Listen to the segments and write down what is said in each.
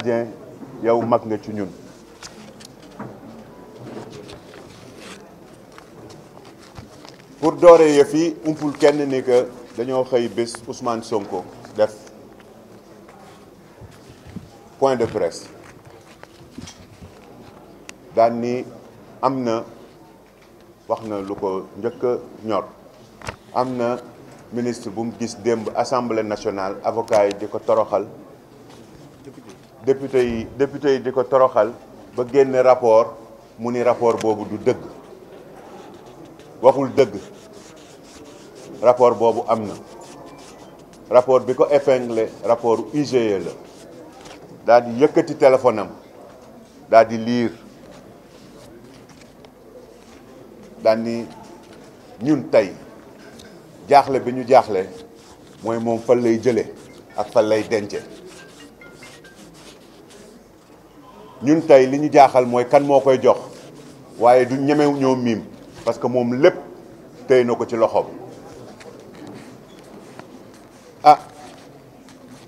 Dieng yow mag nga ci ñun pour doore yëf yi umpul kenn ni que dañoo xëy bés Ousmane Sonko def point de presse daan ni am na wax na lu ko njëkk ñor am na ministre bu mu gis démb assemblée nationale avocat yi di ko toroxal député yi député yi di ko toroxal ba génne rapport mu ni rapport boobu du dëgg waxul dëgg rapport boobu am na rapport bi ko épinglé rapport IGE la daal di yëkkati téléphone am daal di ñun tey jaaxle bi ñu jaaxle mooy moom fan lay jële ak fan lay dence ñun tey li ñu jaaxal mooy kan moo koy jox waaye du ñeme ñoo miim parce que moom lépp tey na ko ci loxoom ah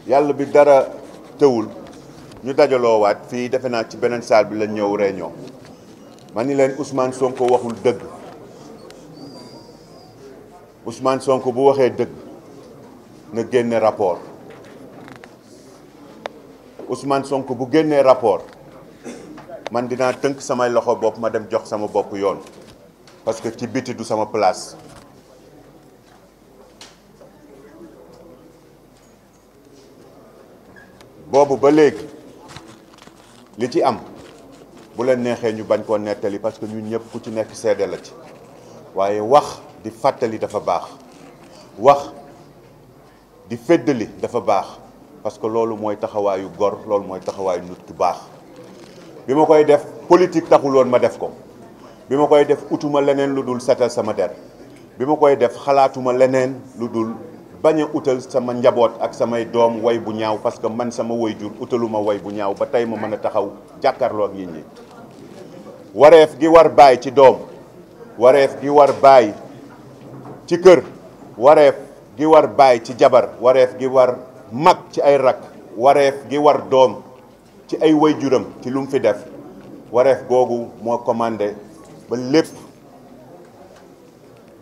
yàlla bi dara tëwul ñu dajaloo waat fii defe naa ci beneen saal bi lañ ñëw réunion ma ni leen Ousmane Sonko waxul dëgg Ousmane sonk bu waxee dëgg na génne rapport Ousmane Sonko bu génnee rapport man dinaa tënk samay loxo bopp ma dem jox sama bopp yoon parce que ci biti du sama place boobu ba léegi li ci am bu leen neexee ñu bañ koo nettali parce que ñun ñëpp ku ci nekk seede la ci waaye wax di fàttali dafa baax wax di féddali dafa baax parce que loolu mooy taxawaayu gor loolu mooy taxawaayu nit ku baax bi ma koy def politique taxul woon ma def ko bi ma koy def utuma leneen lu dul setal sama der bi ma koy def xalaatuma leneen lu dul bañ a utal sama njaboot ak samay doom woy bu ñaaw parce que man sama woy jur utaluma woy bu ñaaw ba tey ma mën a taxaw jàkkaarloo ak nit ñi wareef gi war bàyyi ci doom wareef gi war bàyyi ci kër wareef gi war bàyyi ci jabar wareef gi war mag ci ay rakk wareef gi war doom ci ay way waajuram ci lu mu fi def wareef googu moo commandé ba lépp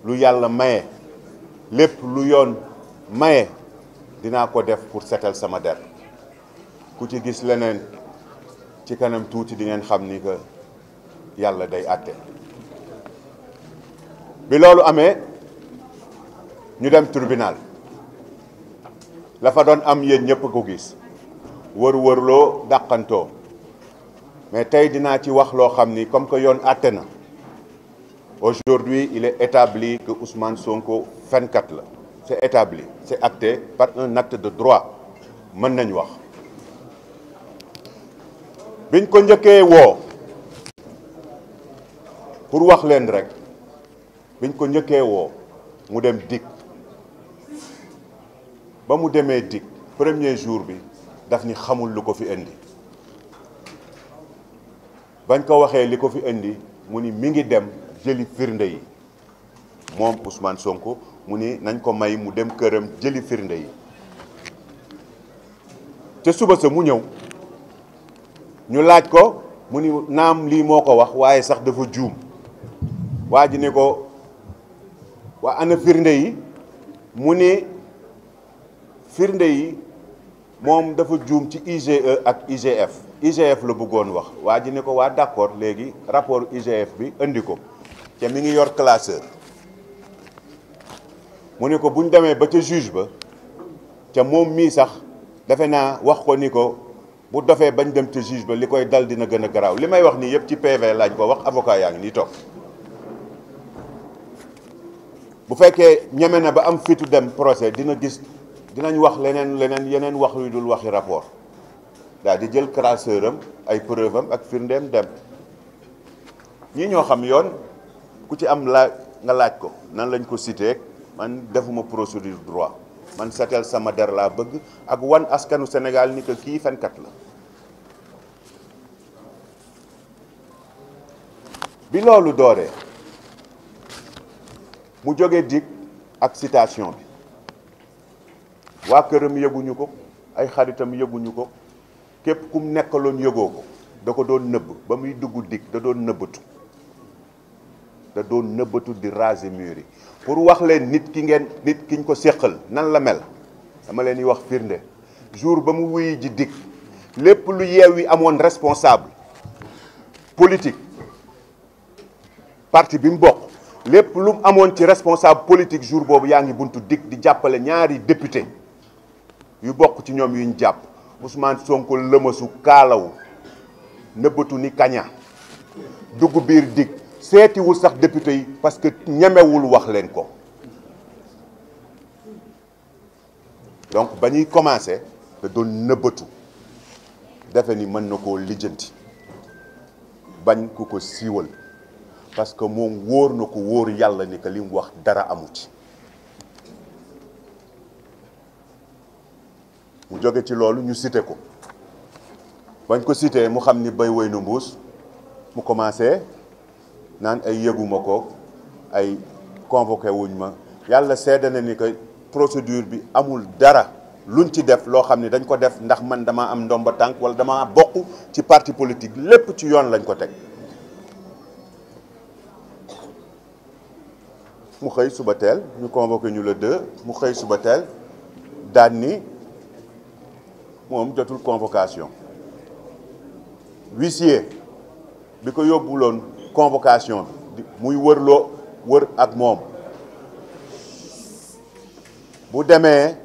lu yàlla maye lépp lu yoon maye dinaa ko def pour setal sama der ku ci gis leneen ci kanam tuuti di ngeen xam ni que yàlla day àtte bi loolu amee ñu dem tribunal lafa doon am yéen ñëpp ko gis wër-wërloo dàqantoo mais tey dinaa ci wax loo xam ni comme que yoon àtte na aujourd'hui il est établi que Ousmane Sonko fenkat la c'est établi c'est acté part un acte de droit mën nañ wax biñ ko njëkkee woo pour wax leen rek biñ ko njëkkee woo mu dem dik ba mu demee dik premier jour bi daf ni xamul lu ko fi indi bañ ko waxee li ko fi indi mu ni mi ngi dem jëli firnde yi moom Ousmane Sonko mu ni nañ ko may mu dem këram jëli firnde yi te suba sa mu ñëw ñu laaj ko mu ni naam lii moo ko wax waaye sax dafa juum waa ji ni ko waa ana firnde yi mu ni firnde yi moom dafa juum ci IGE ak IGF IGF la bëggoon wax waa ji ne ko waa d'accord léegi rapport IGF bi indi ko te mi ngi yor classeur mu ne ko bu ñu demee ba ca juge ba ca moom mii sax defe naa wax ko ni ko bu dofee bañ dem ca juge ba li koy dal dina gën a garaaw li may wax nii yëpp ci PV lañ ko wax avocat yaa ngi nii toog bu fekkee ñeme na ba am fitu dem procès dina gis dinañ wax leneen leneen yeneen wax yu dul waxi rapport daal di jël crasseur am ay preuve am ak firndeem dem ñii ñoo xam yoon ku ci am laaj nga laaj ko nan lañ ko cité man defuma procédure droit man setel sama der laa bëgg ak wan askanu senegal nit que kii fenkat la bi loolu dooree mu jóge dig ak citation bi waa këram yëguñu ko ay xaritam yëguñu ko képp kum nekkaloon yëgoo ko da ko doon nëbb ba muy dugg dikk da doon nëbbatu da doon nëbbatu di rase mur pour wax leen nit ki ngeen nit kiñ ko séqal nan la mel dama leen di wax firnde jour ba mu wuyi ji dikk lépp lu yeew yi amoon responsable politique parti bi mu bokk lépp lu amoon ci responsable politique jour boobu yaa ngi buntu dikk di jàppale ñaari député yu bokk ci ñoom yuñ jàpp Ousmane Sonko lëmasu kaalawu nëbbatu ni kaña dugg biir dig seetiwul sax député yi parce que ñemewul wax leen ko donc ba ñuy commencé te doon nëbbatu defe ni mën na ko lijjanti bañ ku ko siiwal parce que moom wóor na ko wóor yàlla ni que li mu wax dara amu ci joge ci loolu ñu site ko bañ ko cité mu xam ni bay woy nu mbuus mu commencé naan ay yëguma ko ay convoqué wuñ ma yàlla seede na ni que procédure bi amul dara luñ ci def loo xam ni dañ ko def ndax man dama am ndomba tànk wala dama bokk ci parti politique lépp ci yoon lañ ko teg mu xëy suba teel ñu convoqué ñu la deux mu xëy suba teel daan ni moom jotul convocation huissier bi ko yóbbuloon convocation bi muy wërloo wër ak moom bu demee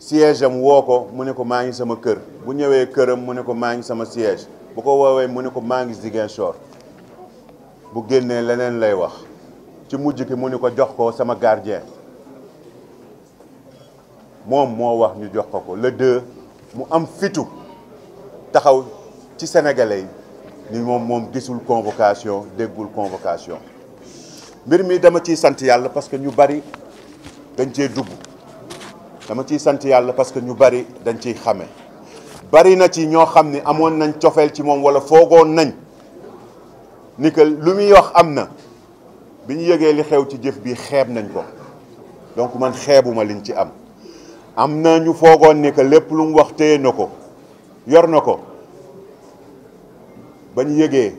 siège woo ko mu ne ko maa ngi sama kër bu ñëwee këram mu ne ko maa ngi sama siège bu ko woowee mu ni ko maa ngi Ziguinchor bu génnee leneen lay wax ci mujj ki mu ne ko jox ko sama gardien moom moo wax ñu jox ko ko le deux mu am fitu taxaw ci sénégalais yi ni moom moom gisul convocation déggul convocation mbir mi dama ciy sant yàlla parce que ñu bari dañ cee dugg dama ciy sant yàlla parce que ñu bari dañ ciy xame bari na ci ñoo xam ni amoon nañ cofeel ci moom wala foogoon nañ ni que lu muy wax am na bi ñu yëgee li xew ci jëf bi xeeb nañ ko donc man xeebuma liñ ci am am na ñu foogoon ni que lépp lu mu wax téye na ko yor na ko ba ñu yëgee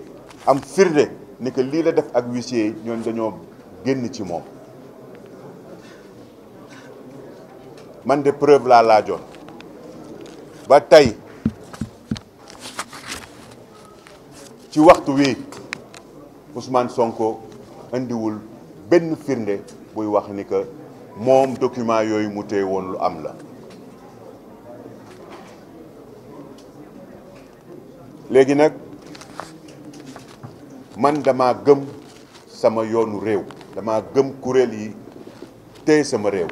am firnde ni que lii la def ak huissier yi ñoon dañoo génn ci moom man de preuve laa laajoon ba tey ci waxtu wi Ousmane Sonko indiwul benn firnde buy wax ni que moom document yooyu mu téye woon lu am la léegi nag man damaa gëm sama yoonu réew dama gëm kuréel yi téye sama réew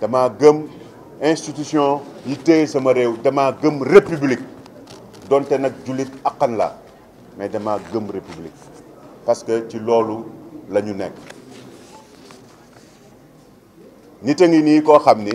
damaa gëm institution yi téye sama réew dama gëm république donte nag jullit akkan la mais dama gëm république parce que ci loolu la ñu nekk nit a ngi nii koo xam ni